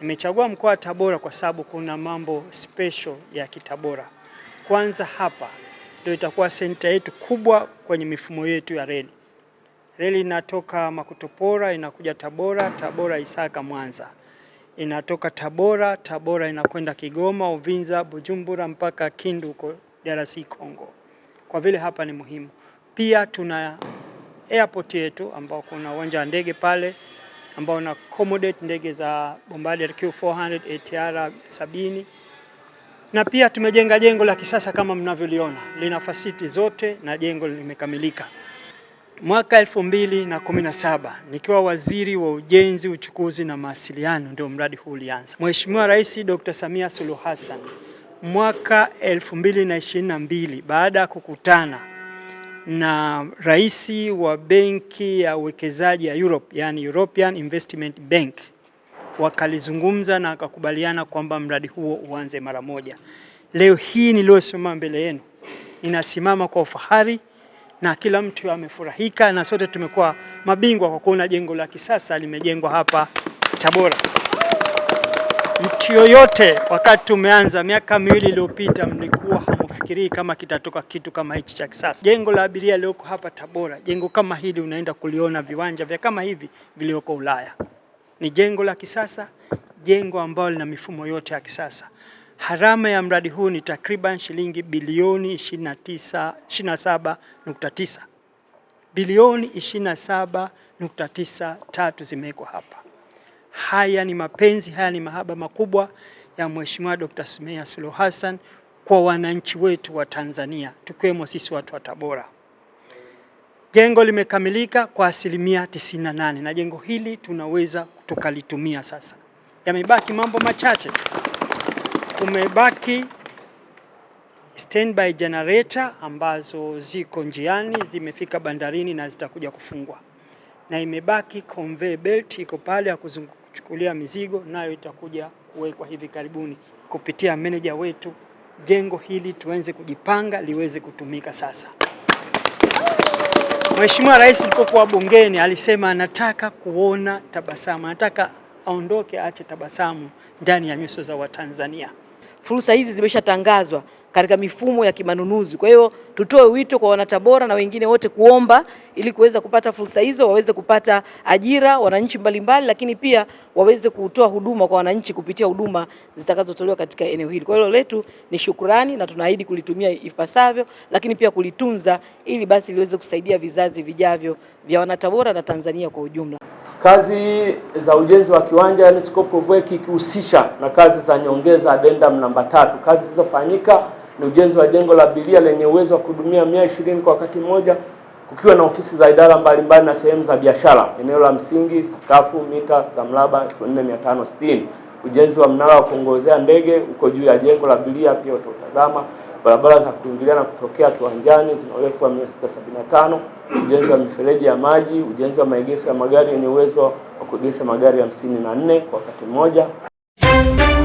Nimechagua mkoa wa Tabora kwa sababu kuna mambo special ya kitabora. Kwanza hapa ndio itakuwa senta yetu kubwa kwenye mifumo yetu ya reli. Reli inatoka Makutopora inakuja Tabora, Tabora Isaka Mwanza, inatoka Tabora, Tabora inakwenda Kigoma, Uvinza, Bujumbura mpaka Kindu huko DRC Congo. Kwa vile hapa ni muhimu, pia tuna airport yetu ambao kuna uwanja wa ndege pale ambao na accommodate ndege za Bombardier Q400 ATR 70 na pia tumejenga jengo la kisasa kama mnavyoliona, lina fasiti zote na jengo limekamilika. Mwaka 2017 nikiwa waziri wa ujenzi, uchukuzi na mawasiliano, ndio mradi huu ulianza. Mheshimiwa Rais Dr. Samia Suluhu Hassan mwaka 2022 baada ya kukutana na rais wa benki ya uwekezaji ya Europe, yani European Investment Bank wakalizungumza na akakubaliana kwamba mradi huo uanze mara moja. Leo hii niliyosimama mbele yenu ninasimama kwa ufahari na kila mtu amefurahika, na sote tumekuwa mabingwa kwa kuona jengo la kisasa limejengwa hapa Tabora. Mtu yoyote wakati tumeanza miaka miwili iliyopita, mlikuwa hamfikirii kama kitatoka kitu kama hichi cha kisasa. Jengo la abiria lioko hapa Tabora, jengo kama hili unaenda kuliona viwanja vya kama hivi vilioko Ulaya. Ni jengo la kisasa, jengo ambalo lina mifumo yote ya kisasa. Harama ya mradi huu ni takriban shilingi bilioni 27.9 bilioni 27.93 zimewekwa hapa. Haya ni mapenzi, haya ni mahaba makubwa ya Mheshimiwa Dr. Samia Suluhu Hassan kwa wananchi wetu wa Tanzania tukiwemo sisi watu wa Tabora. Jengo limekamilika kwa asilimia 98 na jengo hili tunaweza tukalitumia sasa. Yamebaki mambo machache. Kumebaki standby generator ambazo ziko njiani, zimefika bandarini na zitakuja kufungwa, na imebaki conveyor belt iko pale ya kuzunguka kuchukulia mizigo, nayo itakuja kuwekwa hivi karibuni kupitia meneja wetu. Jengo hili tuweze kujipanga liweze kutumika sasa. Mheshimiwa Rais alipokuwa bungeni alisema anataka kuona tabasamu, anataka aondoke aache tabasamu ndani ya nyuso za Watanzania. Fursa hizi zimeshatangazwa katika mifumo ya kimanunuzi. Kwa hiyo tutoe wito kwa wanatabora na wengine wote kuomba ili kuweza kupata fursa hizo, waweze kupata ajira wananchi mbalimbali, lakini pia waweze kutoa huduma kwa wananchi kupitia huduma zitakazotolewa katika eneo hili. Kwa hilo letu ni shukurani na tunaahidi kulitumia ipasavyo, lakini pia kulitunza ili basi liweze kusaidia vizazi vijavyo vya wanatabora na Tanzania kwa ujumla. Kazi za ujenzi wa kiwanja yani scope of work ikihusisha na kazi za nyongeza addendum namba tatu, kazi zilizofanyika ni ujenzi wa jengo la abiria lenye uwezo wa kuhudumia mia ishirini kwa wakati mmoja kukiwa na ofisi za idara mbalimbali na sehemu za biashara. Eneo la msingi sakafu mita za mraba 4560. Ujenzi wa mnara wa kuongozea ndege uko juu ya jengo la abiria, pia utautazama. Barabara za kuingilia na kutokea kiwanjani zina urefu wa 675. Ujenzi wa mifereji ya maji. Ujenzi wa maegesho ya magari yenye uwezo wa kuegesha magari 54 kwa wakati mmoja.